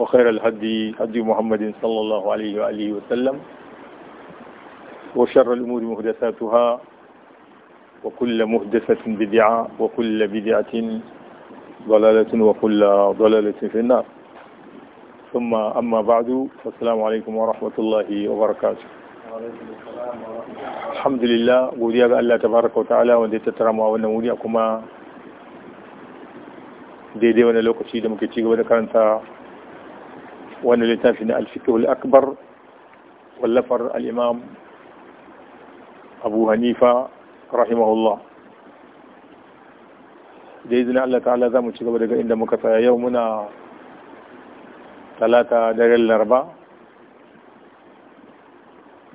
وخير الهدي هدي محمد صلى الله عليه وآله وسلم وشر الأمور مهدساتها وكل مهدسة بدعة وكل بدعة ضلالة وكل ضلالة في النار ثم أما بعد فالسلام عليكم ورحمة الله وبركاته الحمد لله وديا الله تبارك وتعالى wa ta'ala wanda ya tattara mu a wannan wuri a kuma wani littafi na alfikul akbar wallafar al'imam abu hanifa rahimahullah da izinin Allah ta'ala za mu ci gaba daga inda muka tsaya yau muna talata daren larba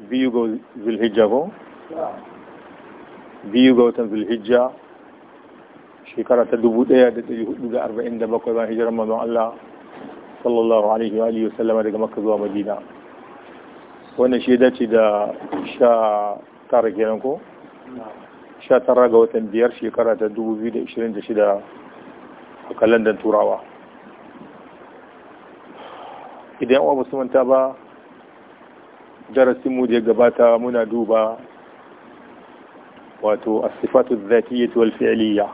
biyu ga zulhijja ko? biyu ga watan zulhijja shekara ta 1447 ba hijirar mazan Allah sallallahu alaihi wa alihi sallama daga makka zuwa madina wannan shi dace da sha tara kenan ko sha tara ga watan biyar shekara ta 2026 a kalandar turawa idan uwa basu manta ba darasinmu da ya gabata muna duba wato asifatu zatiyatu wal fi'liya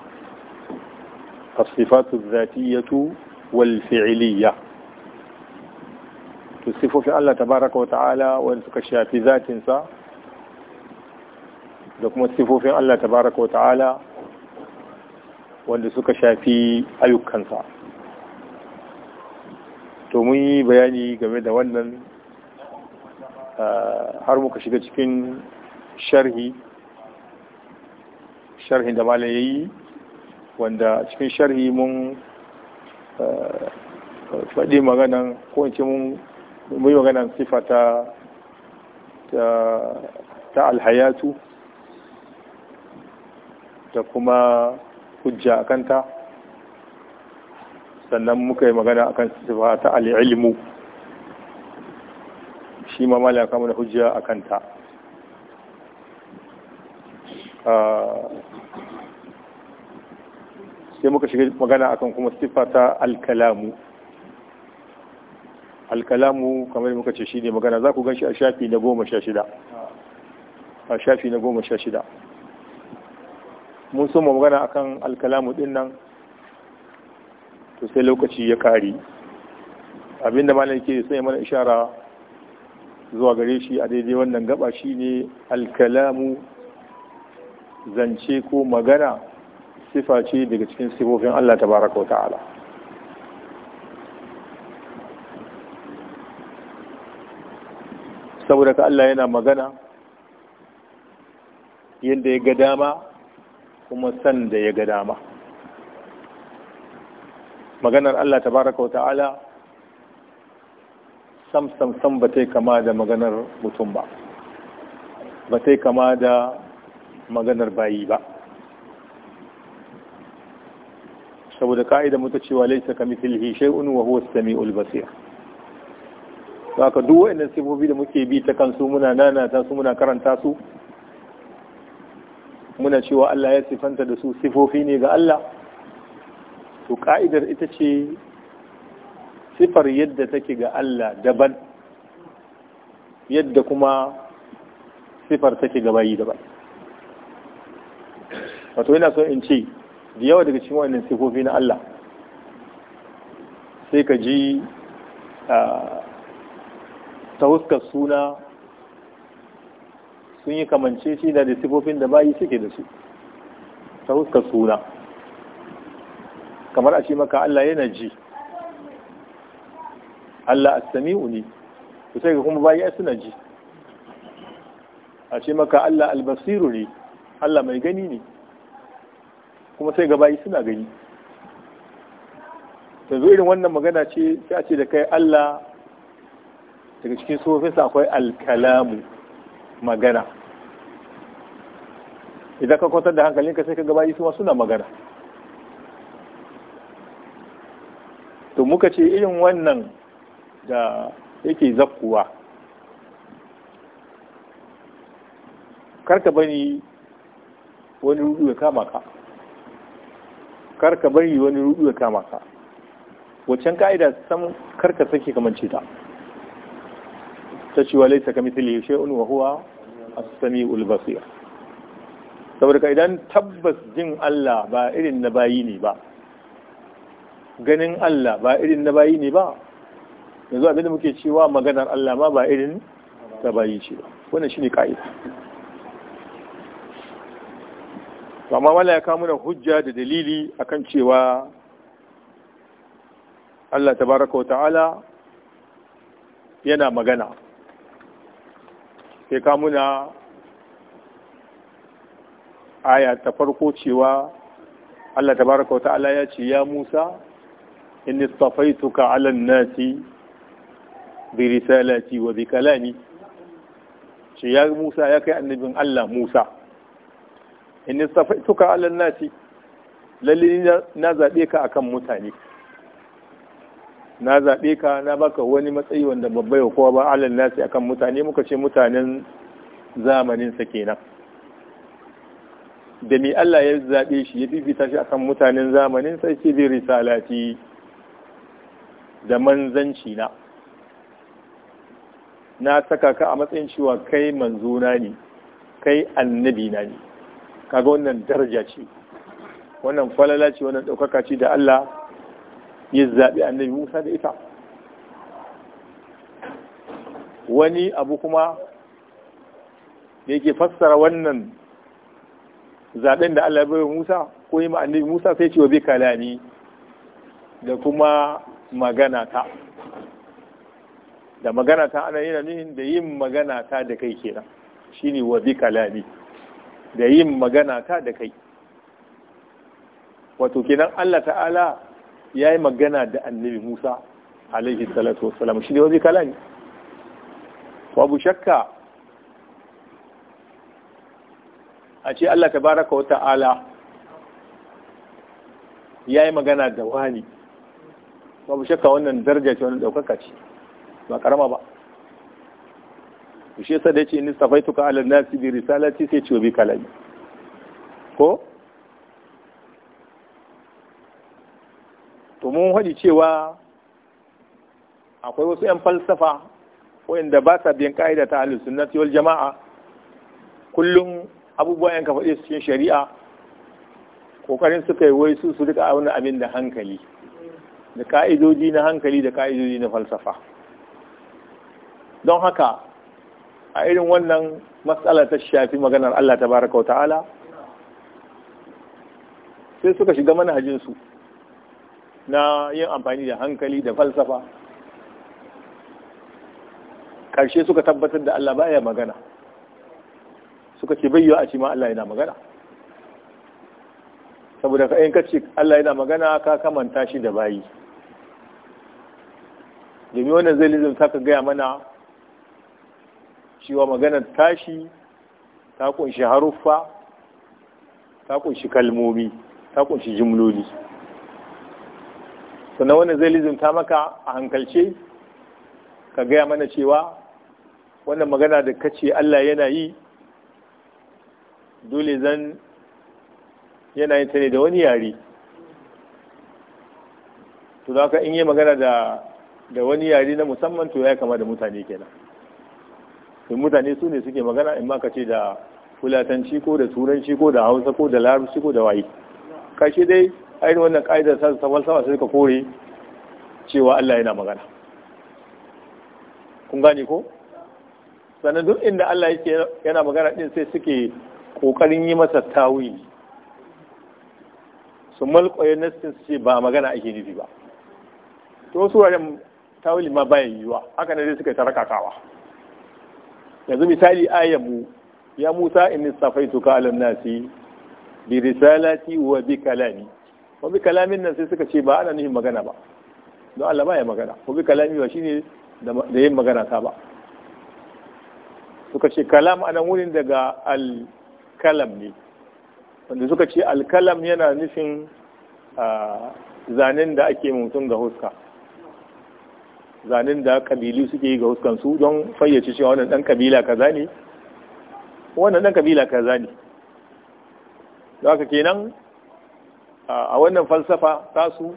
asifatu zatiyatu wal fi'liya to sifofin Allah tabaraka wa ta'ala wanda suka shafi zatinsa da kuma sifofin Allah tabaraka wa ta'ala wanda suka shafi ayyukansa to mun yi bayani game da wannan har muka shiga cikin sharhi sharhin da malaye yi wanda cikin sharhi mun faɗi maganan ko mun mu yi magana sifa ta ta alhayatu da kuma hujja a kanta sannan muka yi magana akan sifa ta al'ilmu shi ma mala kama da hujja a kanta sai muka shiga magana akan kuma sifa ta alkalamu alkalamu kamar muka ce shine magana za ku ganshi a shafi na goma sha shida a shafi na goma sha shida mun so mu magana akan alkalamu din nan to sai lokaci ya kari abinda malam yake sai mana ishara zuwa gare shi a daidai wannan gaba shine alkalamu zance ko magana sifa ce daga cikin sifofin Allah tabaraka wa ta'ala saboda ka Allah yana magana yadda ya ga dama kuma san da ya ga dama maganar Allah ta wata'ala sam sam sam ba ta kama da maganar mutum ba ba ta kama da maganar bayi ba saboda ka'ida muta cewa laisa kamithlihi shay'un wa huwa sami samiul ka duk inda sifofi da muke bi ta kansu muna nana ta su muna karanta su muna cewa Allah ya sifanta da su sifofi ne ga Allah to ka'idar ita ce sifar yadda take ga Allah daban yadda kuma sifar take ga bayi daban wato yana so in ce da yawa daga cikin wannan sifofi na Allah sai ka ji ah, ta huskar suna sun yi kamance shi da sifofin da bayi suke da su ta huskar suna kamar a ce maka Allah yana ji Allah as-sami'u ne ku sai ga kuma bayi suna ji a ce maka Allah albasiru ne Allah mai gani ne kuma sai ga bayi suna gani yanzu irin wannan magana ce ta ce da kai Allah daga cikin sofis akwai alkalamu magana idan ka kwatar da ka sai ka gaba yi suma suna magana to muka ce irin wannan da yake zakkuwa karka bani wani rudu ya kama ka karka bani wani rudu ya kama ka waccan ka'ida sam karka sake kamance ta ta cewa laisa ka mithlihi shay'un wa huwa as-sami'ul basir saboda idan tabbas jin Allah ba irin na bayi ne ba ganin Allah ba irin na bayi ne ba yanzu abinda muke cewa maganar Allah ma ba irin ta bayi ce ba wannan shine ka'ida amma mala ya kawo hujja da dalili akan cewa Allah tabaraka wa ta'ala yana magana sai ka muna aya ta farko cewa Allah Ta baraka wa ta'ala ya ce ya Musa inni tafaituka 'ala nasi bi risalati wa bi kalami ce ya Musa ya kai annabin Allah Musa inni tafaituka 'ala nasi lalle na zaɓe ka akan mutane na zaɓe ka na baka wani matsayi wanda babba ya kowa ba alal nasi akan mutane muka ce mutanen zamanin sa kenan da me Allah ya zaɓe shi ya fifita shi akan mutanen zamanin sai ce bi risalati da manzanci na na saka ka a matsayin cewa kai manzona ne kai annabi na ne kaga wannan daraja ce wannan falala ce wannan ɗaukaka ce da Allah ya zaɓi annabi musa da ita wani abu kuma da yake fassara wannan zaɓen da allah bai musa ko yi annabi musa sai ce wa bai kalami da kuma magana ta da magana ta ana yana nuhin da yin magana ta da kai kenan shine wa bi kalami da yin magana ta da kai wato kenan Allah ta'ala ya yi magana da annabi musa alaihi salatu wasalam shi ne wazi kala ne babu shakka a ce allah baraka wa ta'ala ya yi magana da wani babu shakka wannan daraja ce wani ɗaukaka ce ba karama ba shi yasa da ya ce ni safaituka ala nasi bi risalati sai ce bi kalani ko mun haɗi cewa akwai wasu 'yan falsafa wadanda ba sa biyan ka'ida ta halittu na wal jama'a kullum abubuwa yan kafa su cikin shari'a kokarin suka yi wai su su rika wani abin da hankali da ka'idoji na hankali da ka'idoji na falsafa don haka a irin wannan matsala ta shafi maganar Allah Ta Baraka wa ta'ala sai suka shiga manhajinsu na yin amfani da hankali da falsafa ƙarshe suka tabbatar da Allah baya magana suka ce bayyawa a cima Allah yana magana saboda ka in ce Allah yana magana ka kamanta shi da bayi domin wannan zai ta ka gaya mana cewa maganar tashi ta kunshi haruffa ta kunshi kalmomi ta kunshi jimloli sannan wani zai lizinta maka a hankalce ka gaya mana cewa wannan magana da kace Allah yana yi dole zan yana yin ta ne da wani yare to da in yi magana da da wani yare na musamman to ya kama da mutane kenan to mutane su ne suke magana in ma ka ce da fulatanci ko da turanci ko da hausa ko da larabci ko da waye kashi dai a irin wannan ƙa'idar sa ta falsafa sai suka kore cewa Allah yana magana kun gane ko sannan duk inda Allah yake yana magana din sai suke kokarin yi masa tawili su ya nassin su ce ba magana ake nufi ba to su wajen tawili ma baya yiwuwa haka ne suka tarakatawa yanzu misali ayyamu ya musa in nistafaituka alam nasi bi risalati wa bi kalami wa bi kalamin nan sai suka ce ba ana nufin magana ba don Allah ba ya magana wa bi kalami ba shine da yin magana ta ba suka ce kalam ana wurin daga al-kalam ne wanda suka ce alkalam yana nufin zanen da ake mutum ga huska zanen da kabilu suke yi ga huskansu don fayyace cewa wannan dan kabila kaza ne wannan dan kabila kaza ne haka kenan a wannan falsafa tasu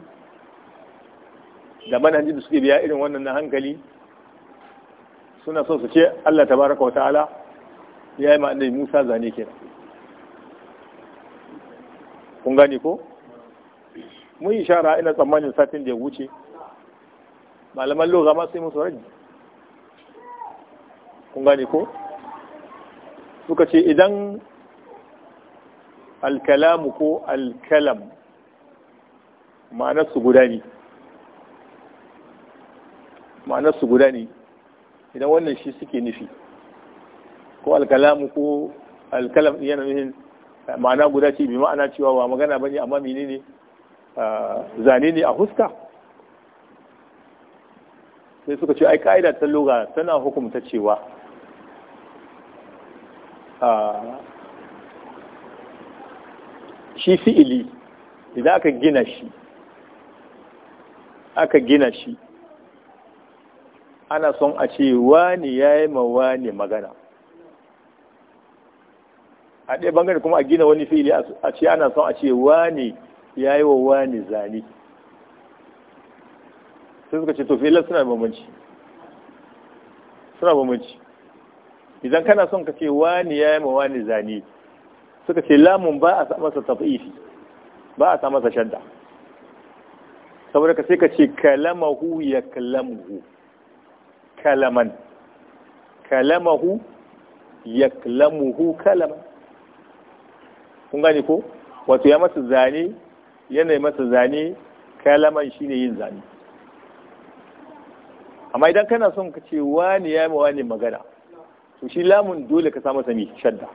da manhaji da suke biya irin wannan na hankali suna so su ce Allah tabaraka wa ta'ala ya yi ma'anai Musa zane ke kun gane ko mun yi shara ina tsammanin satin da ya wuce malaman loga ma sai musu rage kun gane ko suka ce idan alkalamu ko alkalam ma'anar guda guda ne idan wannan shi suke nufi ko alkalamu ko alkalam yana nufin eh, ma'ana guda ce bi ma'ana cewa ba magana bane amma ne, ah, zane ne a huska sai suka ce ai ka'ida ta loga tana hukumta cewa ah, shi fi'ili idan aka gina shi aka gina shi ana son a ce wani ya yi ma wani magana a ɗaya bangare kuma a gina wani fili a ce ana son a ce wani ya yi wa wani zane sai suka ce to filar suna bambanci suna bambanci idan kana son ka ce wani ya yi ma wani zane suka ce lamun ba a samasa tafi ba a samasa shanta saboda ka sai ka ce kalamahu ya kalamuhu kalaman kalamahu ya kalamuhu kalaman kun gane ko wato ya masa zane yanayi masa zane kalaman shine yin zane amma idan kana son ka ce wani ya yi wani magana to shi lamun dole ka samu sami shadda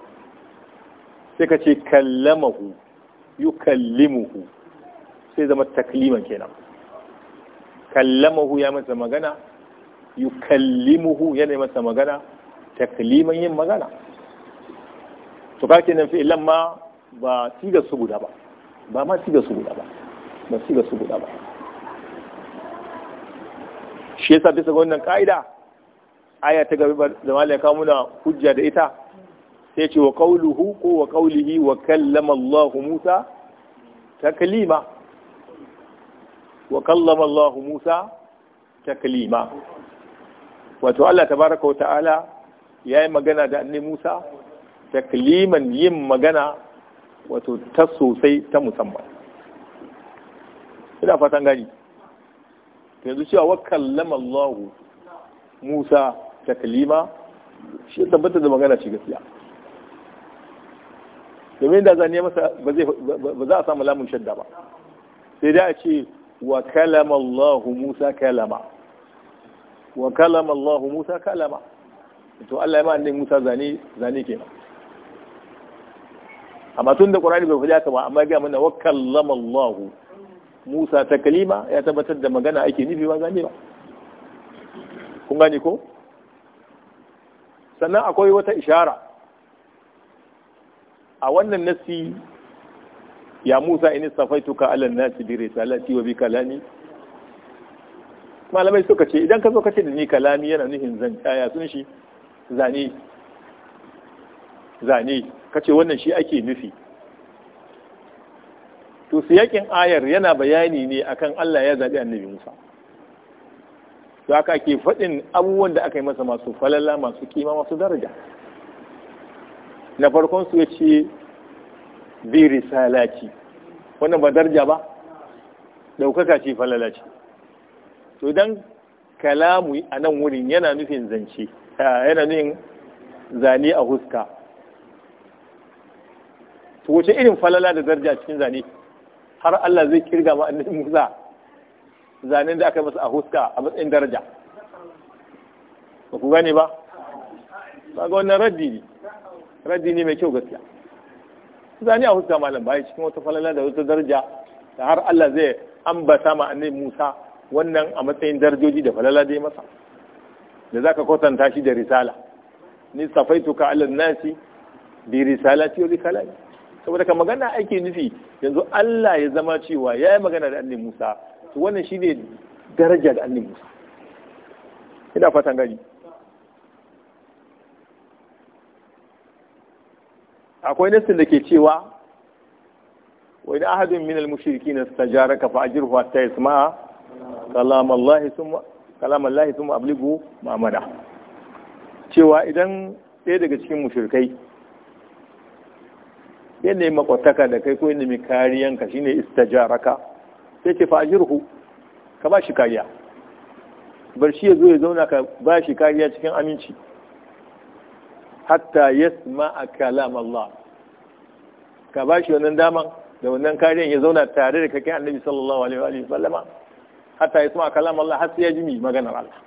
sai ka ce kalamahu yukallimuhu sai zama takliman kenan kallamahu ya masa magana yukallimuhu ne masa magana takliman yin magana to ka kenan fi'ilan ma ba siga su guda ba ba ma siga su guda ba ba siga su guda ba shi yasa bisa ga wannan ka'ida aya ta gaba da malaka kawo muna hujja da ita sai ce wa qauluhu ko wa qaulihi wa kallama Allah Musa taklima wa kallama Allah Musa taklima wato Allah tabaraka wa ta'ala yayi magana da annabi Musa takliman yin magana wato ta sosai ta musamman ina fatan gani yanzu cewa wa kallama Allah Musa taklima shi tabbata da magana ce gaskiya domin da zan yi masa ba za a samu lamun shadda ba sai dai a ce wa kalama Allah Musa kalama wa kalama Allah Musa kalama to Allah ya ma annabi Musa zane zane kenan amma tun da Qur'ani bai faɗi haka ba amma ga mana wa kallama Allah Musa ta kalima ya tabbatar da magana ake nufi ba zane ba kun gane ko sannan akwai wata ishara a wannan nasi ya musa in safaituka ala nasi bi risalati wa bi kalami malamai suka ce idan ka zo ka ce da ni kalami yana nufin ya sun shi zane zani kace wannan shi ake nufi to siyakin ayar yana bayani ne akan Allah ya zabi annabi Musa to haka ke fadin abubuwan da aka yi masa masu falala masu kima masu daraja na farkon su ya ce bi risalati wannan ba darja ba daukaka ce falala ce to dan kalamu a nan wurin yana nufin zance yana nufin zane a huska to wace irin falala da darja cikin zane har Allah zai kirga ma annabi Musa zanen da aka masa a huska a matsayin daraja ba ku gane ba ba ga wannan raddi ne raddi ne mai kyau gaskiya zani a wasu malam bai cikin wata falala da wata daraja da har Allah zai ambata ma annabi Musa wannan a matsayin darajoji da falala dai masa da zaka kwatanta shi da risala ni safaituka ala nasi bi risalati wa bi saboda ka magana ake nufi yanzu Allah ya zama cewa ya yi magana da annabi Musa to wannan shine daraja da annabi Musa ina fatan gani akwai nassin da ke cewa wa idan ahadun minal mushriki na stajara ka fa'ajir wa ta isma'a kalamallahi summa abligu mamada cewa idan ɗaya daga cikin mushrikai yadda yi makwataka da kai ko yadda kariyan ka shine istajaraka sai ce fa'ajirhu ka ba shi kariya bar shi ya zo ya zauna ka ba shi kariya cikin aminci hatta a kalam Allah ka ba shi wannan daman da wannan kariyan ya zauna tare da kake annabi sallallahu alaihi wa sallama hatta a kalam Allah har sai ya ji mi maganar Allah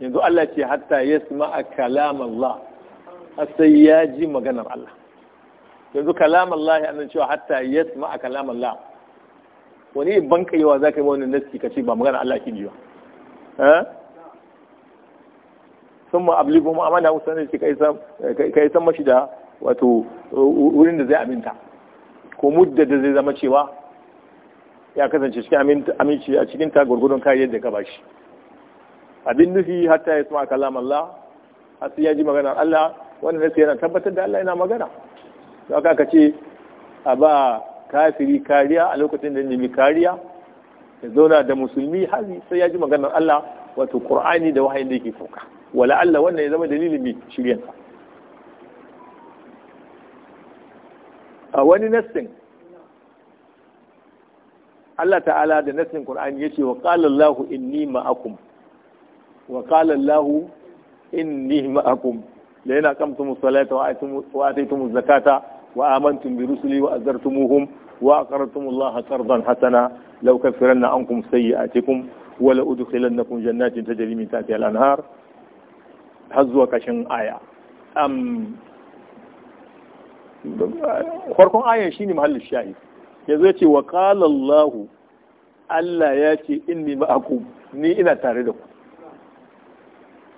yanzu Allah ce hatta a kalam Allah har sai ya ji maganar Allah yanzu kalam Allah annan cewa hatta a kalam Allah wani bankayewa zaka yi wani nasi ka ce ba maganar Allah ki ji ba eh? sun ma abligu mu amana ku sanar shi kai san mashi da wato uh, wurin da zai aminta ko mudda da zai zama cewa ya kasance cikin aminci a cikin ta gurgudun kariyar da ka bashi abin nufi hatta ya suma kalam Allah har sai ya ji maganar Allah wannan nasi yana tabbatar da Allah yana magana don haka ce a ba kafiri kariya a lokacin da nemi kariya ya zauna da musulmi har sai ya ji maganar Allah wato Qur'ani da wahayin da yake sauka wala Allah wannan ya zama dalilin bi shiryansa a wani nassin Allah ta'ala da nassin Qur'ani yace wa qala Allahu inni ma'akum wa qala Allahu inni ma'akum la yana qamtum salata wa ataytum zakata wa amantum bi rusuli wa azartumuhum wa aqartum Allah qardan hasana law kaffaranna ankum sayyi'atikum wa la udkhilannakum jannatin tajri min tahtiha al-anhar har zuwa kashin aya farkon ayan shine mahallin shahi yanzu ya ce wa qala Allah ya ce ni ma'akum ni ina tare da ku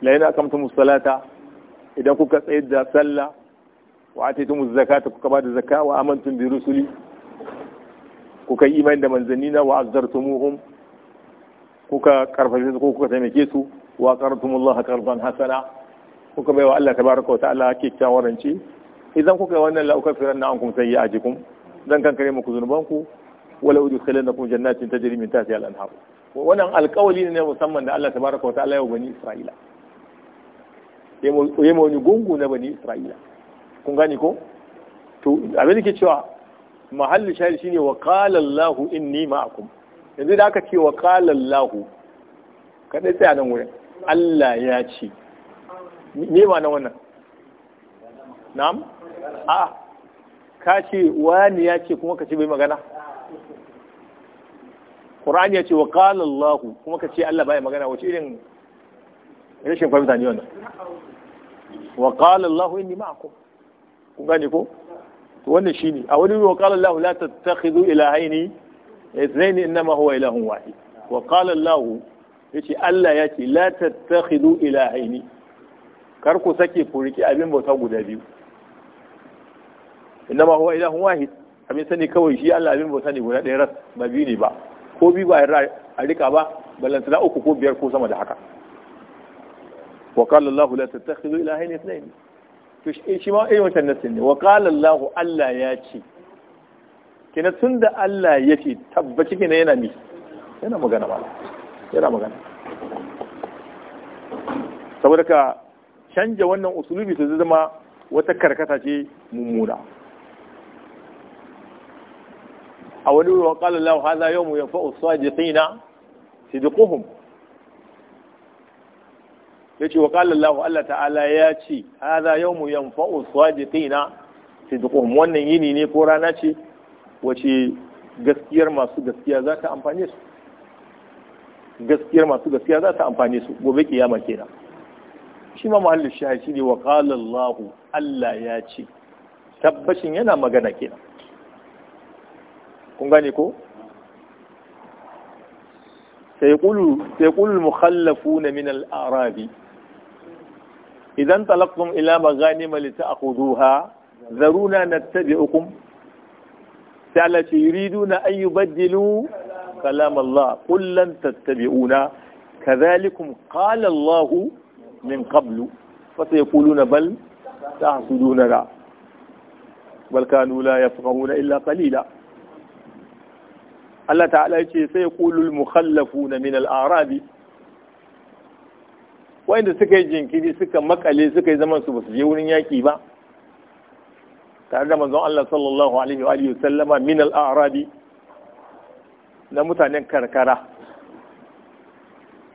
la yana kamta musalata idan kuka tsayar da sallah wa ataytum zakata kuka bada zakka wa amantum bi rusuli kuka yi imani da manzannina wa azzartumuhum kuka karfafe su ko kuka taimake su wa qartumullah karfan hasana kuka baiwa Allah tabaraka wa ta'ala ake kyawaranci idan kuka yi wannan la'ukar firan na ankum sai ya ajikum zan kare muku zunubanku wala kuma jannatin ta min tahtiha al'an anhar wannan alƙawali ne musamman da Allah tabaraka wa ta'ala ya bani Isra'ila ya mawani gungu na bani Isra'ila kun gane ko to abin da ke cewa mahallin shahid shine wa qala Allah inni ma'akum yanzu da aka ce wa qala Allah tsaya nan wurin Allah ya ce me ma na wannan na'am a ka ce wani ya ce kuma ka ce bai magana Qur'ani ya ce wa qala Allah kuma ka ce Allah bai magana wace irin rashin fahimta ne wannan wa qala Allah inni ma'akum ku gane ko to wannan shine a wani wa qala Allah la tattakhidhu ilahaini اثنين انما ilahun اله wa وقال ya yace Allah ya ce la tattakhidhu ilahaini kar ku sake ku abin bauta guda biyu inda ma huwa ilahun wahid abin sani kawai shi Allah abin bauta ne guda ɗaya ras ba biyu ne ba ko biyu ba a rika ba balantana uku ko biyar ko sama da haka wa qala zo la tattakhidhu ilahayn ithnayn to shi eh, ma irin wannan nasin ne wa qala Allah ya ce kina tunda Allah ya ce tabbaci kina yana mi yana magana ba yana magana saboda ka canja wannan usulubi ta zama wata karkata ce mummuna a wani ruwan ƙalar lahu haza yau mu yafa usuwa jisina sidiquhum ya ce wa ƙalar lahu Allah ta'ala ya ce haza yau mu yafa usuwa jisina sidiquhum wannan yini ne ko rana ce wace gaskiyar masu gaskiya za ta amfane su gaskiyar masu gaskiya za ta amfani su gobe kiyama kenan shi ma muhallin shahi ne wa Allah Allah ya ce tabbacin yana magana kenan kun gane ko sai kulu mukhallafu na min arabi idan talaqtum ila maghanima lita'khudhuha zaruna nattabi'ukum sai Allah ce yuriduna an yubaddilu kalam Allah qul lan tattabi'una kazalikum qala Allah min qablu fa sayquluna bal tahsudunana bal kanu la yafqahuna illa qalila Allah ta'ala yace sai yaqulul mukhallafuna min al-a'rabi wanda suka yi jinkiri suka makale suka yi zaman su basu je wurin yaki ba tare da manzon Allah sallallahu alaihi wa alihi sallama min al-a'rabi na mutanen karkara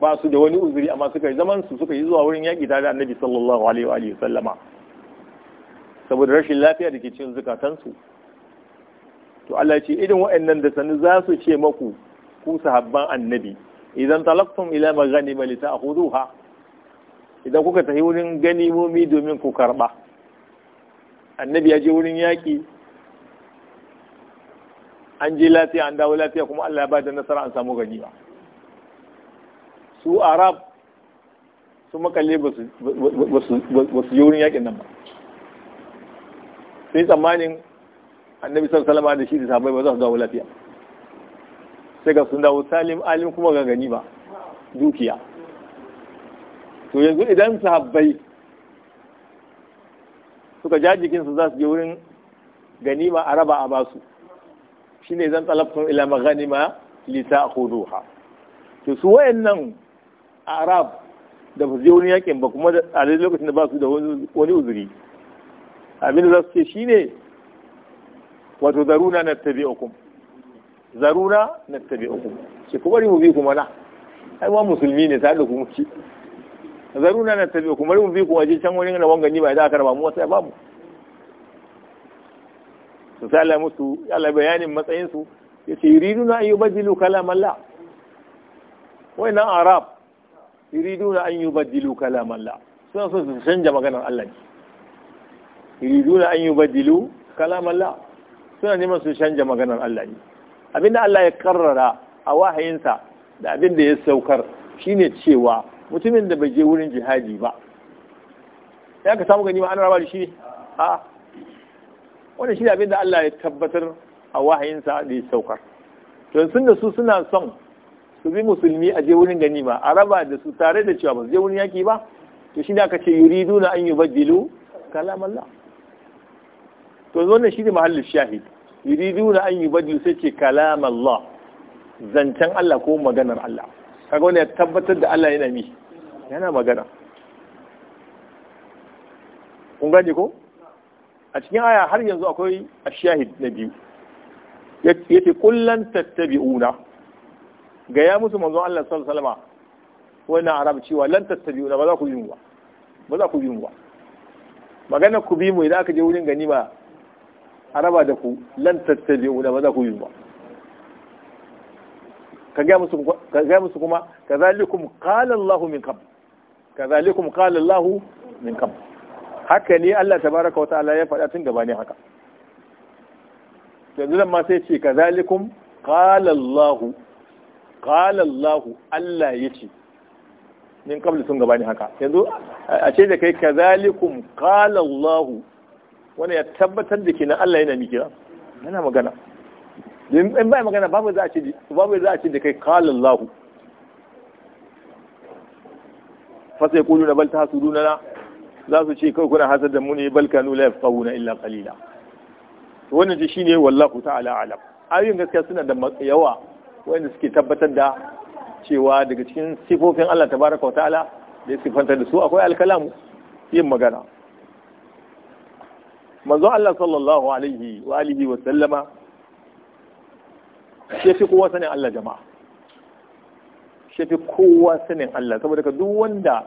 ba su da wani uzuri amma suka yi zaman su suka yi zuwa wurin yaƙi tare da annabi sallallahu alaihi wa sallama saboda rashin lafiya da ke cikin zukatansu to Allah ce irin waɗannan da sanu za su ce maku ku sahabban annabi idan talaqtum ila maghanima lita'khuduha idan kuka tafi wurin ganimomi domin ku karba annabi ya je wurin yaƙi an je lafiya an dawo lafiya kuma Allah ya ba da nasara an samu ganima su arab su makalle ba su yi wurin yakin nan ba sai tsammanin annabi salama da shi da sabai ba za su dawo lafiya sai ga sun dawo salim alim kuma ga gani ba dukiya to yanzu idan sahabbai suka ja jikinsu za su je wurin ganima a raba a basu shine zan talabtun ila a li ha to su wayannan arab da ba je wani yakin ba kuma a lokacin da ba su da wani uzuri abin da za su ce shi ne wato zaruna na okun zaruna na okun ce ku bari mu bi kuma na ai ma musulmi ne ta da kuma ci zaruna na tabi'ukum bari mu bi kuma je can wani na ni ba idan aka raba mu wasu ya bamu su sai Allah musu Allah bayanin matsayin su yace yuriduna ayyubadilu kalam Allah wai na arab yuriduna an yubaddilu kalam Allah suna so su canja maganar Allah ne yuriduna an yubaddilu kalam Allah suna neman su canja maganar Allah ne abinda Allah ya karrara a wahayinsa da abinda ya saukar shine cewa mutumin da bai je wurin jihadi ba ya ka samu gani ma an raba da shi a wani shi abinda Allah ya tabbatar a wahayinsa da ya saukar to sun da su suna son su bi musulmi a je wurin ganima a raba da su tare da cewa ba su je wurin yaki ba to shi ne aka ce yuriduna an ba kalam kalamalla to wannan shi ne mahallin shahid yuriduna an yubaddilu sai ce kalamalla zancen Allah ko maganar Allah kaga wani ya tabbatar da Allah yana mi yana magana kun gani ko a cikin aya har yanzu akwai ashahid na biyu yace kullan tattabi'una ga ya musu manzon Allah sallallahu alaihi wasallam wannan arab cewa lan tattabi'u ba za ku yi ba ba za ku yi ba magana ku bi mu idan aka je wurin ganima a araba da ku lan tattabi'u ba za ku yi ba ka gaya musu kuma kazalikum qala min qabl kazalikum qala Allahu min qabl haka ne Allah tabaraka wa ta'ala ya faɗa tun gaba ne haka yanzu nan ma sai ce kazalikum qala Allahu qala Allah Allah yace min kabli sun gabani haka yanzu a ce da kai kazalikum qala Allah wani ya tabbatar da kina Allah yana miki yana magana in ba magana babu za a ce babu za a ce da kai qala Allah fa sai kuluna bal tahsuduna za su ce kai kuna hasad da mu ne bal kanu la yafqahuna illa qalila wannan shi ne wallahu ta'ala alam ayoyin gaskiya suna da yawa wanda suke tabbatar da cewa daga cikin sifofin Allah Ta tabaraka wata'ala da ya sifantar da su akwai alkalamu yin magana manzo Allah sallallahu alaihi wa alihi wa sallama shi fi kowa sanin Allah jama'a shi fi kowa sanin Allah saboda ka duk wanda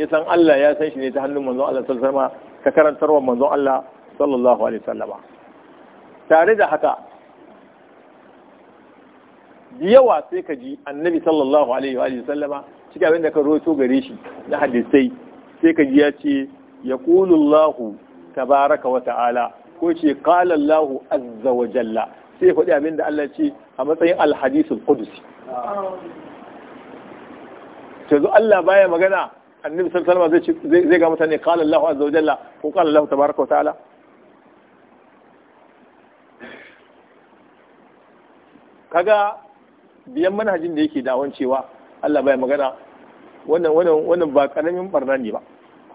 ya san Allah ya san shi ne ta hannun manzon Allah sallallahu alaihi wa sallama ta wa manzon Allah sallallahu alaihi wa sallama tare da haka yawa sai ka ji annabi sallallahu alaihi wa sallama cikin abin da ka roto gare shi na hadisai sai ka ji ya ce ya kulullahu tabaraka wa ta'ala ko ce kala Allahu azza wa jalla sai faɗi abin da Allah ce a matsayin alhadisul qudusi ta zo Allah baya magana annabi sallallahu alaihi wa sallama zai ga mutane kala Allahu azza wa jalla ko kala Allahu tabaraka wa ta'ala kaga biyan manhajin da yake dawon cewa Allah bai magana wannan wannan wannan ba karamin barna ne ba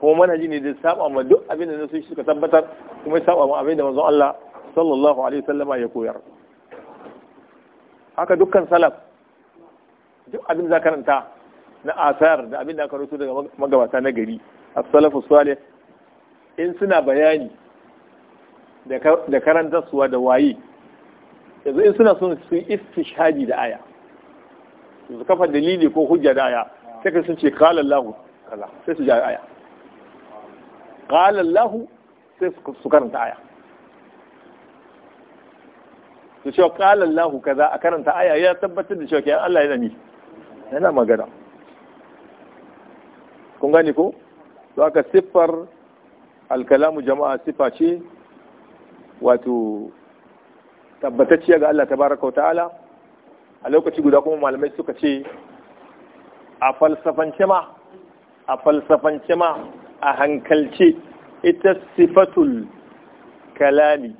kuma manhaji ne da saba ma duk abin da na shi suka tabbatar kuma saba ma abin da manzon Allah sallallahu alaihi wasallama ya koyar haka dukkan salaf duk abin za karanta na asar da abin da aka rusu daga magabata na gari as salafus salih in suna bayani da suwa da waye yanzu in suna son su yi istishadi da aya su kafa dalili ko hujja da aya sai ka sun ce qala Allah kaza sai su ja aya qala Allah sai su karanta aya su ce qala Allah kaza a karanta aya ya tabbatar da cewa kenan Allah ya ni yana magana kun gane ko to aka siffar alkalamu jama'a siffa ce wato tabbatacciya ga Allah tabaraka wa ta'ala a lokaci guda kuma malamai suka ce a falsafance ma a falsafance ma a hankalce ita sifatul kalami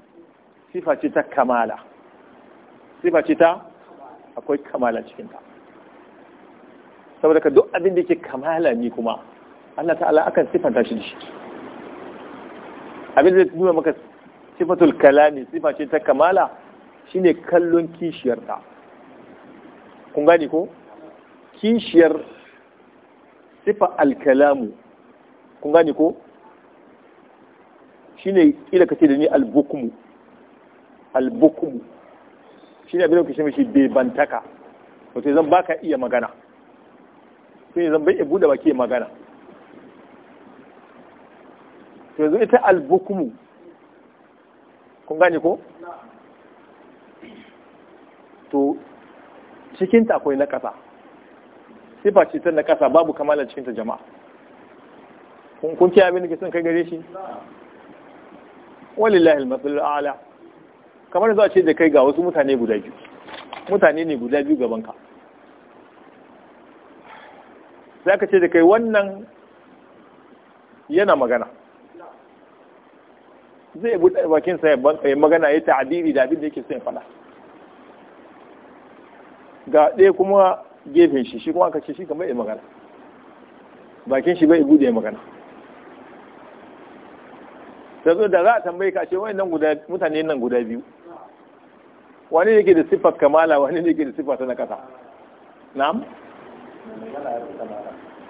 sifa ce ta kamala sifa ce ta akwai kamala cikinta saboda ka duk abin da ke kamala ne kuma Allah ta'ala akan sifanta shi da shi abin da zai nuna maka sifatul kalami sifa ce ta kamala shine kallon kishiyarta kun gani ko kishiyar sifa alkalamu kun gani ko shine ila kace da ni albukumu albukumu shine abin da kuke mishi bebantaka wato zan baka iya magana sai zan bai iya bude baki magana to yanzu ita albukumu kun gani ko to cikinta akwai na ƙasa sifa ce ta na ƙasa babu kamala cikinta jama'a kun kiyaye abin da ke son kai gare shi walillahi al-masalul a'la kamar za a ce da kai ga wasu mutane guda biyu mutane ne guda biyu gaban ka za ka ce da kai wannan yana magana zai buɗe bakinsa ya magana ya ta'adiri da abin da yake son ya faɗa ga ɗaya kuma gefen shi shi kuma aka ce shi kamar bai magana bakin shi bai ya magana ta zo da za a tambayi ka ce wayannan guda mutane nan guda biyu wani ne ke da siffar kamala wani ne ke da siffar ta na kasa na'am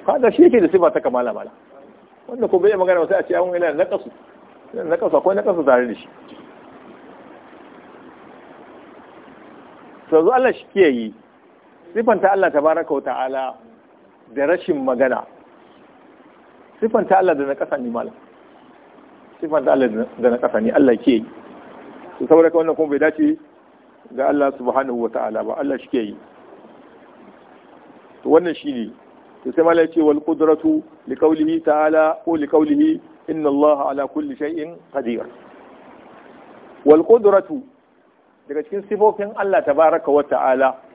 kada shi ke da siffar ta kamala mala wanda ko bai magana sai a ce an ilayen nakasu kasu na akwai nakasu tare da shi zuwa Allah shi ke yi sifanta Allah tabaraka wa ta'ala da rashin magana sifanta Allah da na ƙasa ne malam sifanta Allah da na ƙasa ne Allah ke yi su saboda wannan kuma bai dace ga Allah subhanahu wa ta'ala ba Allah shi ke yi to wannan shi ne to sai malai ce wal qudratu li qawlihi ta'ala ko li qawlihi inna Allah ala kulli shay'in qadir wal qudratu daga cikin sifofin Allah tabaraka wa ta'ala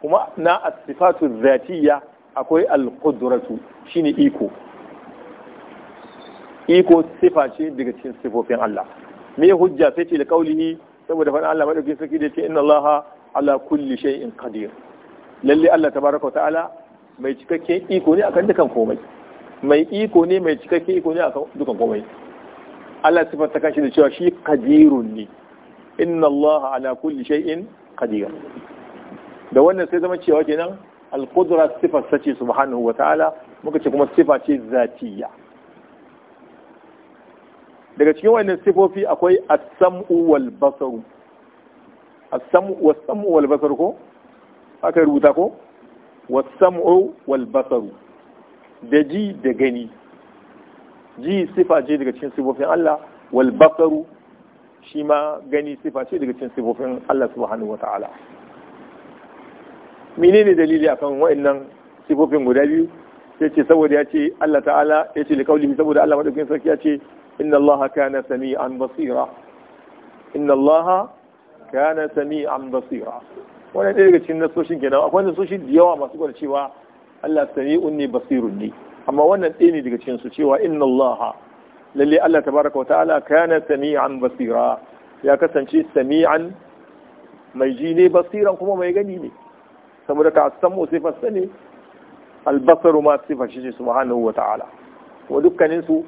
kuma na asifatu zatiya akwai alƙudratu shine iko iko sifa ce daga cikin sifofin Allah me hujja sai ce da kaulihi saboda faɗin Allah madaukakin sarki da ce inna Allah ala kulli shay'in qadir lalle Allah tabaraka wa ta'ala mai cikakken iko ne akan dukan komai mai iko ne mai cikakken iko ne akan dukan komai Allah sifarta kanshi da cewa shi qadirun ne inna Allah ala kulli shay'in qadir da wannan sai zama cewa kenan al-qudra sifa sace subhanahu wa ta'ala muka ce kuma sifa ce zatiya daga cikin wannan sifofi akwai as-sam'u wal basaru as-sam'u was-sam'u wal basaru ko aka rubuta ko was-sam'u wal basaru da ji da gani ji sifa ce daga cikin sifofin Allah wal basaru shi ma gani sifa ce daga cikin sifofin Allah subhanahu wa ta'ala menene dalili akan wa'annan sifofin guda biyu Ya ce saboda ya ce Allah ta'ala ya ce liqaulihi saboda Allah maɗaukin sarki ya ce inna Allah sami sami'an basira inna Allah sami sami'an basira wannan ɗaya daga cikin nasoshin kenan akwai nasoshi da yawa masu gwada cewa Allah sami'un ne basirun ne amma wannan ɗaya ne daga cikin su cewa inna Allah lalle Allah tabaraka wa ta'ala sami sami'an basira ya kasance sami'an mai ji ne basiran kuma mai gani ne saboda ka samu sifar sani albasaru ma sifar shi ce subhanahu wa ta'ala wa dukkanin su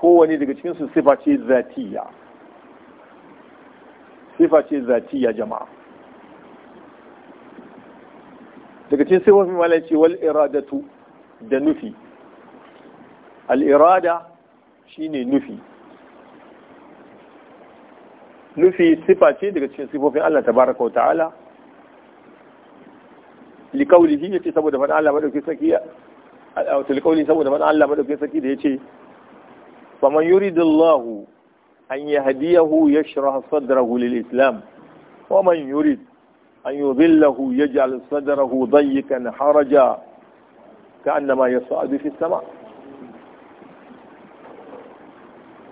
kowane daga cikin su sifa ce zatiya sifa ce zatiya jama'a daga cikin sifofin malai ce wal iradatu da nufi al irada shine nufi nufi sifa ce daga cikin sifofin Allah tabaraka wa ta'ala liqaulihi ce saboda faɗa Allah madaukakin sarki a tilkauli saboda faɗa Allah madaukakin sarki da yace faman yuridullahu an yahdiyahu yashrah sadrahu lil islam wa man yurid an yudhillahu yaj'al sadrahu dayyikan haraja ka'annama yas'adu fi sama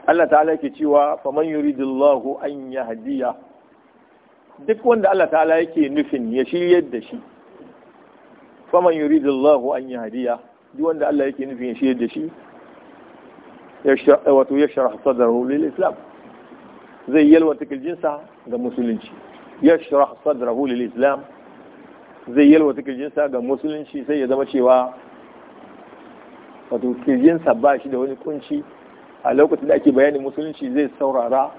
Allah ta'ala yake cewa fa faman yuridullahu an yahdiya duk wanda Allah ta'ala yake nufin ya shiryar da shi faman da Allah an yi hadiya duk wanda Allah yake nufin shi da shi wato ya sharh da lil islam zai yalwata kirjinsa ga musulunci ya sharh da lil islam zai yalwata kirjinsa ga musulunci sai ya zama cewa wato kirjinsa ba shi da wani kunci a lokacin da ake bayanin musulunci zai saurara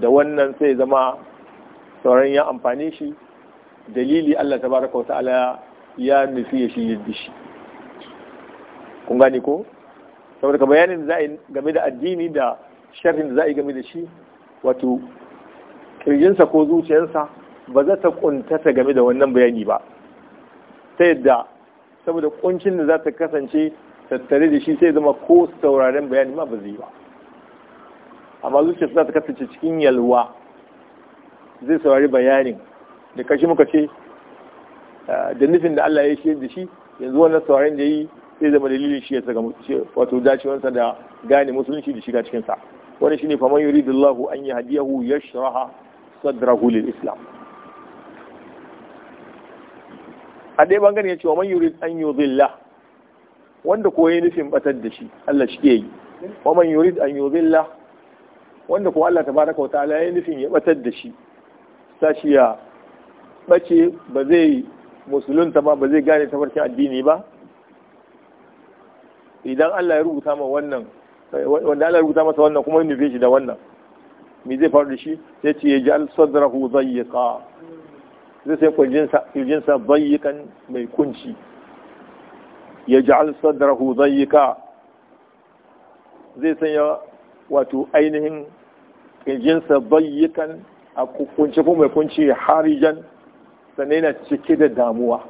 da wannan sai zama sauran ya amfani shi dalili Allah Ta baraka wa ta'ala ya nufi ya shi yadda kun gane ko saboda ka bayanin da za a yi game da addini da sharhin da za a yi game da shi wato kirjinsa ko zuciyarsa ba za ta kuntata game da wannan bayani ba ta yadda saboda kuncin da za ta kasance tattare da shi sai zama ko sauraren bayani ma ba zai ba amma zuciya za ta kasance cikin yalwa zai saurari bayanin da kashi muka ce da nufin da Allah ya shi da shi yanzu wannan saurayin da yi sai zama dalilin shi ya saka wato dacewarsa da gane musulunci da shiga cikin sa wani shine faman yuridullahu an yi yahdiyahu yashraha sadrahu lil islam a dai bangare ya ce wa man yurid an yudilla wanda ko yayi nufin batar da shi Allah shi ke yi wa man yurid an yudilla wanda ko Allah tabaraka wa ta'ala yayi nufin ya batar da shi sashi ya bace ba zai musulunta ba ba zai gane tafarkin addini ba idan Allah ya rubuta ma wannan wanda Allah ya rubuta masa wannan kuma ya nufe shi da wannan me zai faru da shi sai ce ya ji al-sadrahu dayyiqa zai sai kujinsa kujinsa dayyikan mai kunci ya ji al-sadrahu dayyiqa zai sanya wato ainihin kujinsa dayyikan a kunci ko mai kunci harijan sannan yana cike da damuwa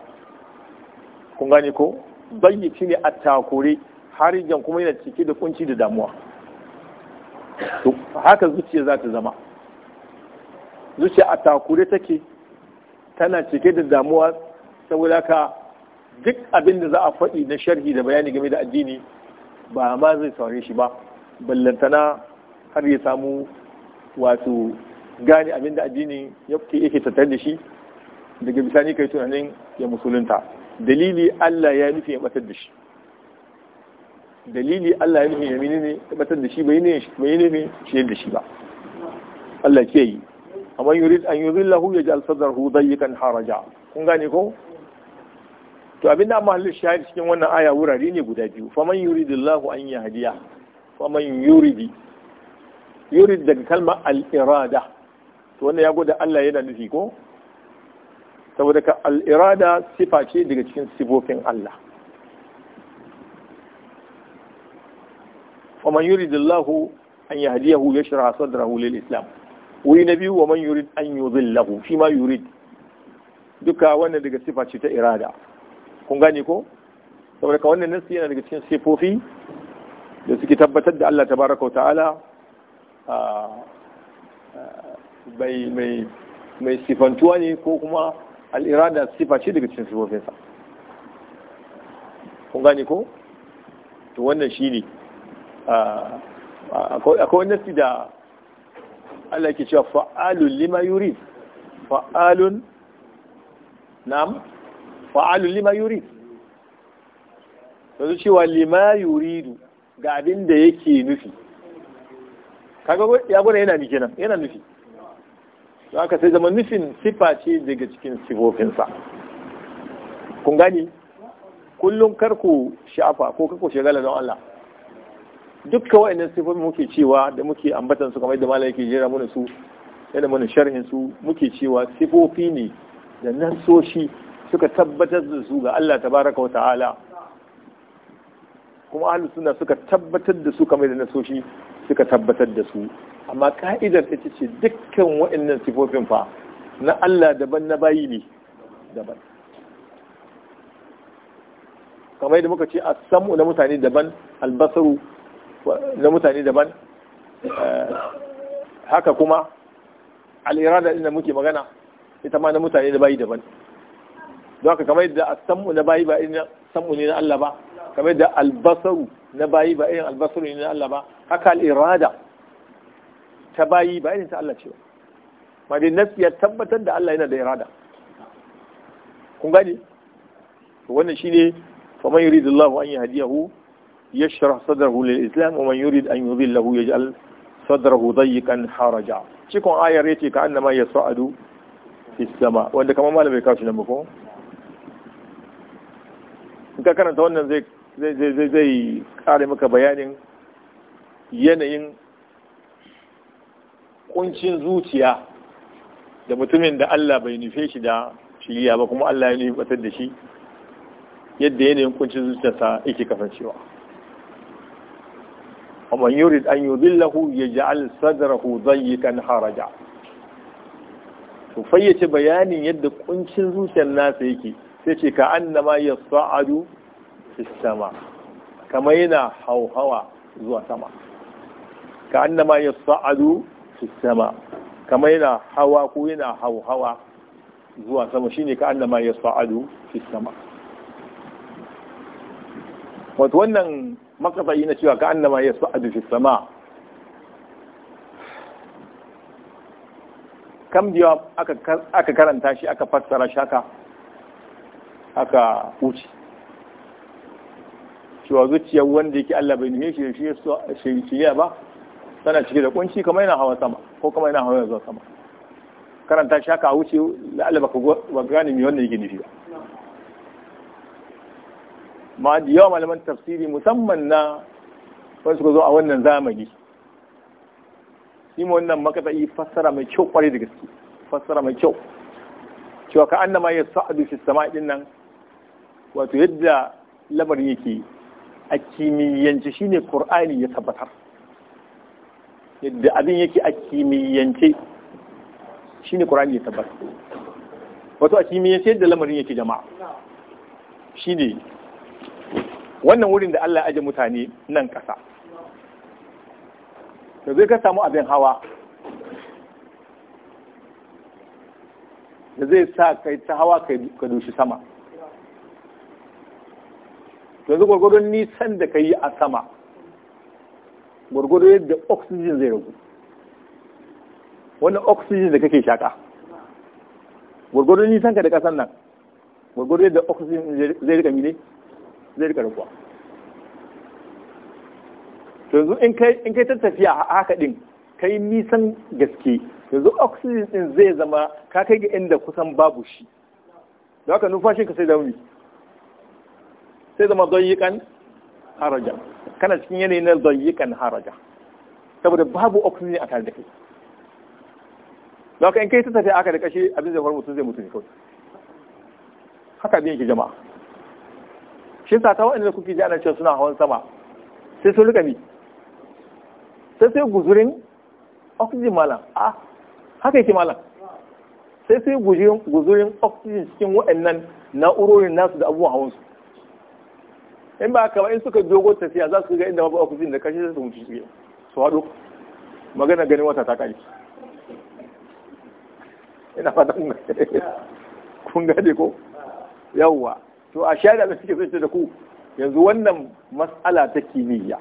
kun gane ko mm. bayyi shi ne a takure harijan kuma yana cike da kunci da damuwa haka zuciya za ta zama zuciya a takure take tana cike da damuwa saboda ka duk abin da za a faɗi na sharhi da bayani game da addini ba ma zai saurin shi ba ballantana har ya samu wato gane abin da addini yake tattare da shi daga bisani kai tunanin ya musulunta dalili Allah ya nufi ya batar da shi dalili Allah ya nufi ya ne ya batar da shi bai ne bai ne shi da shi ba Allah ke yi amma yurid an yudillahu zai sadrahu dayyikan haraja kun gane ko to abin da mahallin shahid cikin wannan aya wurare ne guda biyu faman yuridillahu an yahdiya faman yuridi yurid daga kalmar al-irada to wannan ya gode Allah yana nufi ko saboda ka al'irada sifa ce daga cikin sifofin Allah wa man yuridillahu an yahdiyahu yashrah sadrahu lil islam wuri na biyu wa man yurid an zillahu shi ma yurid duka wannan daga sifa ce ta irada kun gane ko saboda ka wannan nasi yana daga cikin sifofi da suke tabbatar da Allah tabaraka ta'ala bai mai mai sifantuwa ne ko kuma al'irada sifa ce daga cikin sifofinsa kun gani ko to wannan shi ne ah, akwai wani nasi da Allah ke cewa fa'alun lima yuri fa'alun nam fa'alun lima yuri su cewa lima yuridu ga abin da yake nufi kaga ya gwada yana nufi kenan yana nufi za ka sai zama nufin sifa ce daga cikin sifofinsa kun gani kullum karku shafa ko karku shagala don Allah dukkan wa'annan sifofin muke cewa da muke ambatan su kamar da malai yake jira mana su yana mana sharhin su muke cewa sifofi ne da nasoshi suka tabbatar da su ga Allah tabaraka wa ta'ala kuma ahlus sunna suka tabbatar da su kamar da nasoshi suka tabbatar da su amma ka'idar ita ce dukkan waɗannan sifofin fa na Allah daban na bayi ne daban kamar yadda muka ce a samu na mutane daban albasaru na mutane daban eh, haka kuma al'irada inda muke magana ita ma na mutane da bayi daban don haka kamar yadda a samu na bayi ba irin samu ne na Allah ba kamar yadda albasaru na bayi ba irin albasaru ne na Allah ba haka al'irada ta bayi ba irin ta Allah ce ba ma dai nafsi ya tabbatar da Allah yana da irada kun gani wannan shine fa man yuridu Allah an yahdiyahu yashrah sadrahu lil islam wa man yurid an yudhillahu yaj'al sadrahu dayyikan haraja cikon ayar yace ka annama yas'adu fis sama wanda kamar malamai kawo shi nan ba ko in ka karanta wannan zai zai zai zai kare maka bayanin yanayin kuncin zuciya da mutumin da Allah bai nufe shi da shiriya ba kuma Allah ya nufatar da shi yadda yanayin kuncin zuciyarsa yake kasancewa ya ji al-sadarahu zan yi kan haraja. to fayyace bayanin yadda kuncin zuciyar nasa yake sai ce ka nama ya sa'adu sama kama yana hauhawa zuwa sama ka annama ya sa'adu fi sama kamar yana hawa ko yana hauhawa zuwa sama shi ne ka annama yasfa'alu fi sama wata wannan makasayi na cewa ka annama yasfa'alu fi sama kam biya aka karanta shi aka fassara shaka aka wuce cewa zuciya wanda yake Allah bai nuhe shi da shi ya ba tana cike da kunci kamar yana hawan sama ko kamar yana hawan zuwa sama karanta shi haka a wuce la'alla baka ba gane mi wannan yake nufi ba ma da yawa malaman tafsiri musamman na wani suka zo a wannan zamani shi mu wannan yi fassara mai kyau kwarai da gaske fassara mai kyau cewa ka annama ya sa'adu fi sama din nan wato yadda lamarin yake a kimiyyance shine qur'ani ya tabbatar yadda abin yake a kimiyyance ne ƙorani ya tabbata wato a kimiyyance yadda lamarin yake jama'a Shi ne wannan wurin da Allah ya aje mutane nan ƙasa. da zai ka samu abin hawa da zai sa kai ta hawa ka dushi sama yanzu gwargwadon nisan da ka yi a sama gwargwado yadda oxygen zai ragu wannan oxygen da kake shaka gwargwado nisan ka da kasan nan gwargwado yadda oxygen zai rika mine zai rika raguwa to yanzu in kai ta tafiya a haka din kai nisan gaske yanzu oxygen din zai zama ka kai ga inda kusan babu shi da haka numfashin ka sai da wuni sai zama don yi kan haraja kana cikin yanayi na dayyikan haraja saboda babu oxygen a tare da kai don ka in kai ta tafi aka da kashi abin zai faru mutum zai mutu ne kawai haka biyan ki jama'a shi sa ta waɗanda kuke ji ana cewa suna hawan sama sai sun rika sai sai guzurin oxygen malam a ah, haka yake malam sai sai guzurin oxygen cikin waɗannan na'urorin nasu da abubuwan hawansu in ba kama in suka dogo tafiya za su ga inda babu oxygen da kashi su mutu su su haɗu magana ganin wata ta ƙari ina fatan kun gane ko yawwa to a shaida da suke zance da ku yanzu wannan matsala ta kimiyya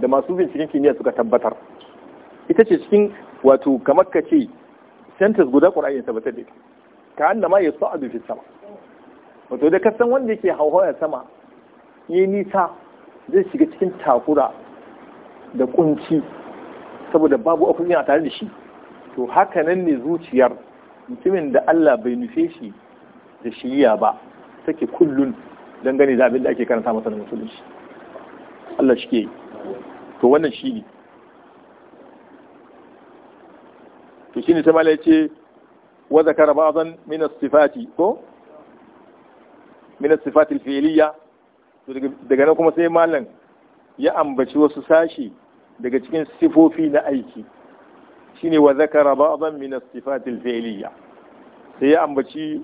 da masu binciken kimiyya suka tabbatar ita ce cikin wato kamar ka ce sentence guda ƙwararriyar tabbatar da ita ka annama ya sa'adu fi sama wato da kasan wanda yake hauhawar sama ya nisa zai shiga cikin takura da kunci saboda babu oxygen a tare da shi to haka nan ne zuciyar mutumin da Allah bai nufe shi da shiriya ba take kullun dangane da abin da ake karanta masa da musulunci Allah shi ke yi to wannan shi ne to shi ne ta malaye ce wa zakara ba'dan min as-sifati ko min sifatil fi'liya daga nan kuma sai malam ya ambaci wasu sashi daga cikin sifofi na aiki shine wa zakara ba'dan min sifatil fi'liya sai ya ambaci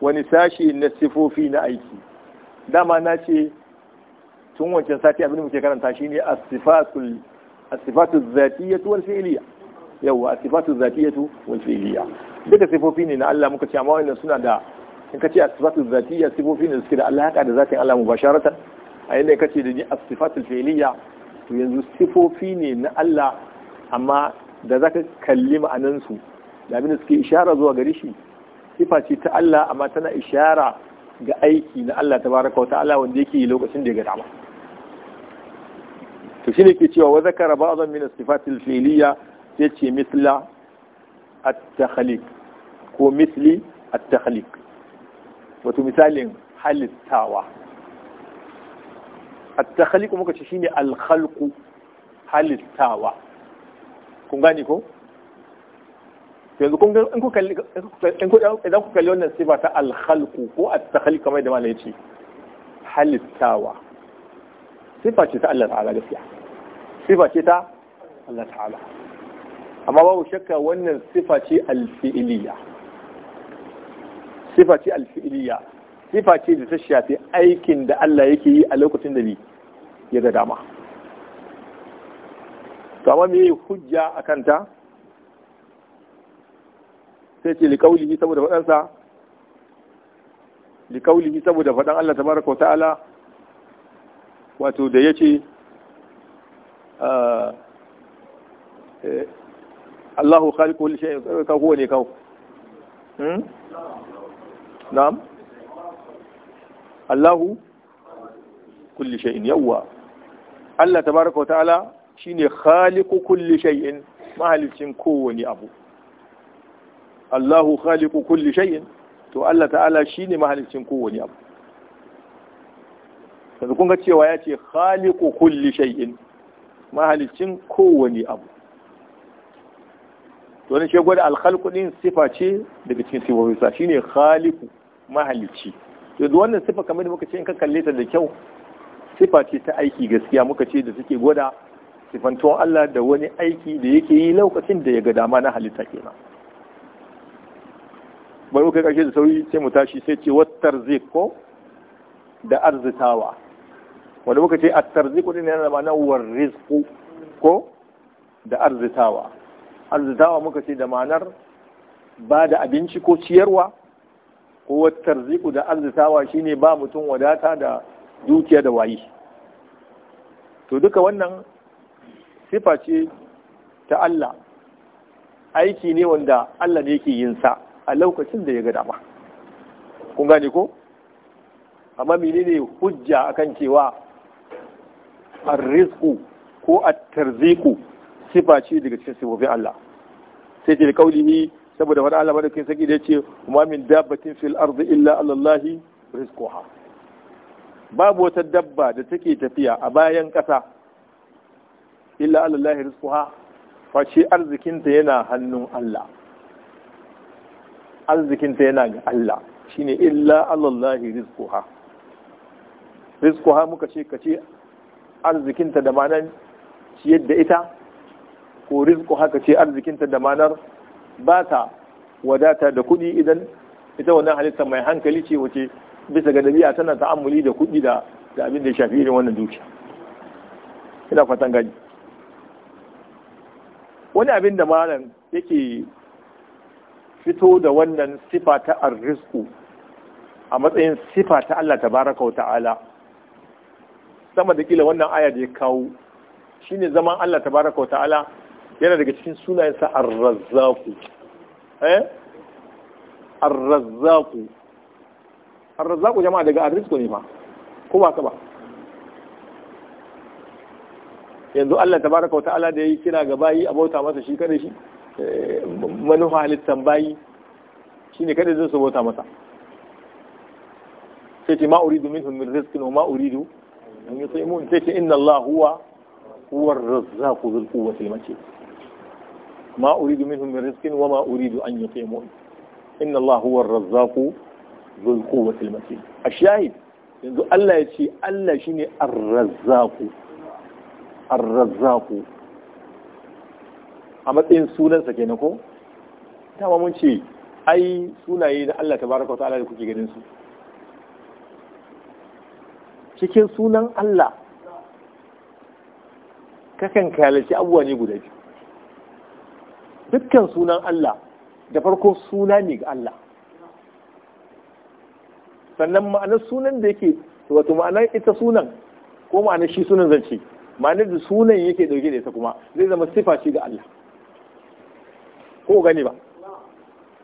wani sashi na sifofi na aiki dama na ce tun wancan sati abin da muke karanta shine as-sifatul as-sifatul zatiyyatu wal fi'liya yawa as-sifatul zatiyyatu wal fi'liya duka sifofi ne na Allah muka ce amma wannan suna da in ka ce a sifatul zatiya sifofi ne suke da alhaka da zatin Allah mubasharatan a yadda ka ce da ni a sifatul fi'liya to yanzu sifofi ne na Allah amma da zaka kalli ma'anansu da abin da suke ishara zuwa gari shi sifa ce ta Allah amma tana ishara ga aiki na Allah ta baraka wa ta'ala wanda yake yi lokacin da ya ga dama to shine ke cewa wa zakara ba'dhan min as-sifatil fi'liyya yace misla at-takhliq ko misli at-takhliq wato misalin halittawa at-takhliqu muka ce shi ne khalqu halittawa kun gani ko yanzu idan ku kalli wannan sifa ta alkhalku ko a takhliq kamar da malai ce halittawa sifa ce ta Allah ta'ala gaskiya sifa ce ta Allah ta'ala amma babu shakka wannan sifa ce alfi'iliya sifa ce alfi'iliya sifa ce da ta shafi aikin da Allah yake yi a lokacin da bi ya ga dama kama me hujja a kanta sai ce liƙaulihi saboda faɗansa liƙaulihi saboda faɗan Allah tabaraka wa ta'ala wato da ya ce ah, eh, Allahu khaliqu kulli shay'in kawo ne kawo na'am Allahu kulli shay'in yawwa Allah tabaraka wa ta'ala shine khaliqu kulli shay'in mahalicin kowane abu Allahu Khaliku kulli shay'in to Allah ta'ala shi shine mahalicin kowane abu yanzu kun ga cewa ya ce khaliku kulli shay'in mahalicin kowane abu to ne shi gwada al sifa ce daga cikin sifofin sa ne khaliku. mahalicci yanzu wannan sifa kamar da muka ce in ka kalle ta da kyau sifa ce ta aiki gaskiya muka ce da suke gwada sifantuwan Allah da wani aiki da yake yi lokacin da ya ga dama na halitta kenan bari kai karshe da sauri sai mu tashi sai ce wattar zai ko da arzitawa wanda muka ce attarziku din yana da ma'ana war rizqu ko da arzitawa arzitawa muka ce da ma'anar ba da abinci ko ciyarwa ko tarziku da arzitawa shine ba mutum wadata da dukiya da wayi to duka wannan sifa ce ta Allah aiki ne wanda Allah ne yake yin sa a lokacin da ya ga dama kun gane ko amma menene hujja akan cewa arrizku ko at-tarziku sifa ce daga cikin sifofin Allah sai ce da saboda wani Allah madaukin sarki da ce kuma min dabbatin fil ardi illa alallahi rizquha babu wata dabba da take tafiya a bayan ƙasa illa alallahi rizquha face arzikinta yana hannun Allah arzikinta yana ga Allah shine illa alallahi rizquha rizquha muka ce kace arzikinta da manan ciyar da ita ko rizquha kace arzikinta da manar ba ta wadata da kuɗi idan ita wannan halitta mai hankali ce wace bisa ga dabi'a tana ta'ammuli da kuɗi da da abin da ya shafi irin wannan dukiya ina fatan gani wani abin da malam yake fito da wannan sifa ta arrisku a matsayin sifa ta Allah tabaraka wa ta'ala sama da kila wannan aya da ya kawo shine zaman Allah tabaraka wa ta'ala yana daga cikin sunayensa arrazzaku eh arrazzaku arrazzaku jama'a daga arrizku ne ma ko ba ka ba yanzu Allah tabaraka wata'ala da yayi kira ga bayi a bauta masa shi kada shi eh, manu halittan bayi shine kada zai su bauta masa sai ce ma uridu minhum min rizqin wa ma uridu an yutaimun sai ce inna Allah huwa huwa ar-razzaqu dhul quwwati al-matin ma uridu minhum min wa ma uridu an yutimun inna Allah huwa ar-razzaqu dhul quwwati ashahid yanzu Allah ya ce Allah shine ar-razzaqu ar-razzaqu a matsayin sunansa kenan ko dama mun ce ai sunaye da Allah da kuke ganin su cikin sunan Allah kakan kalaci abuwa ne guda biyu dukkan sunan Allah da farko suna ne ga Allah sannan ma'anar sunan da yake wato ma'anar ita sunan ko ma'anar shi sunan zance ma'anar da sunan yake dauke da ita kuma zai zama sifa shi ga Allah ko gani ba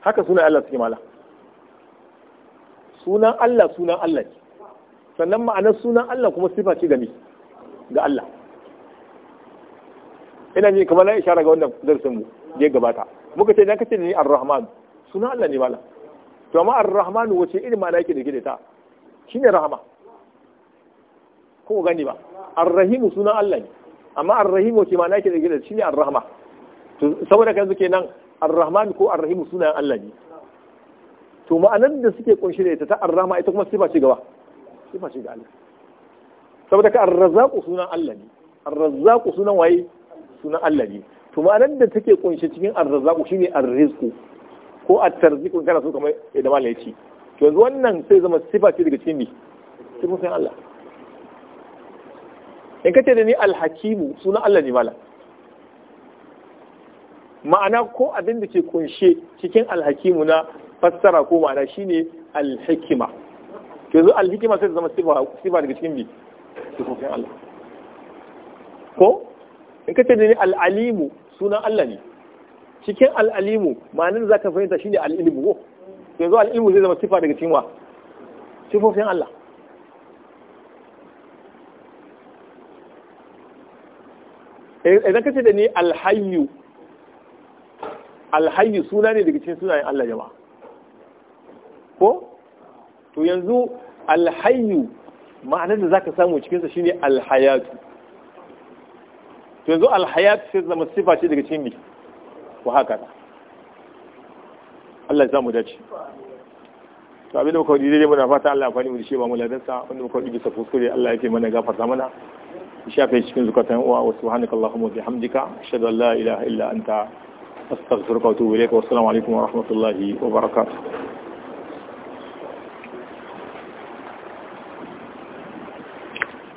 haka sunan Allah suke mala sunan Allah sunan Allah ne sannan ma'anar sunan Allah kuma sifa ce ga ni ga Allah ina ne kamar na ishara ga wannan darasin mu da ya gabata muka ce na kace ne ar-rahman suna Allah ne mala to amma ar-rahman wace irin mala yake da ta shine rahama ko gani ba ar-rahim suna Allah ne amma ar-rahim wace mala yake da ta shine ar-rahma to saboda kanzu kenan ar-rahman ko ar-rahim suna Allah ne to ma'anar da suke kunshi da ita ta ar-rahma ita kuma sifa ce gaba sifa ce ga Allah saboda ka ar-razzaq sunan Allah ne ar-razzaq sunan waye sunan Allah ne to ma'anar da take kunshe cikin arzaku shine arrizku ko at-tarziku kana so kamar da malai ce to yanzu wannan sai zama sifa ce daga cikin ni sai Allah in kace da ni al-hakimu Allah ne mala ma'ana ko abin da ke kunshe cikin alhakimu na fassara ko ma'ana shine alhikima to yanzu alhikima sai zama sifa daga cikin bi sai Allah ko in kace ni al'alimu sunan Allah ne cikin al'alimu ma'anin za ka fahimta shine al'ilmu ko yanzu al'ilmu zai zama sifa daga cinwa sifofin Allah eh, idan ka ce da ni alhayyu alhayyu suna ne daga cikin sunayen Allah jama'a ko to yanzu alhayyu ma'anar da za ka samu cikinsa shine alhayatu to yanzu alhayat sai zama sifa ce daga cikin ne haka haka Allah ya samu dace to abin da muka wadi dai muna fata Allah ya fani mu da shi ba mu ladansa wanda muka wadi bisa kuskure Allah ya fi mana gafarta mana shafe cikin zukatan uwa wa subhanaka wa bihamdika ashhadu an la ilaha illa anta astaghfiruka wa atubu ilayk wa assalamu alaikum wa rahmatullahi wa barakatuh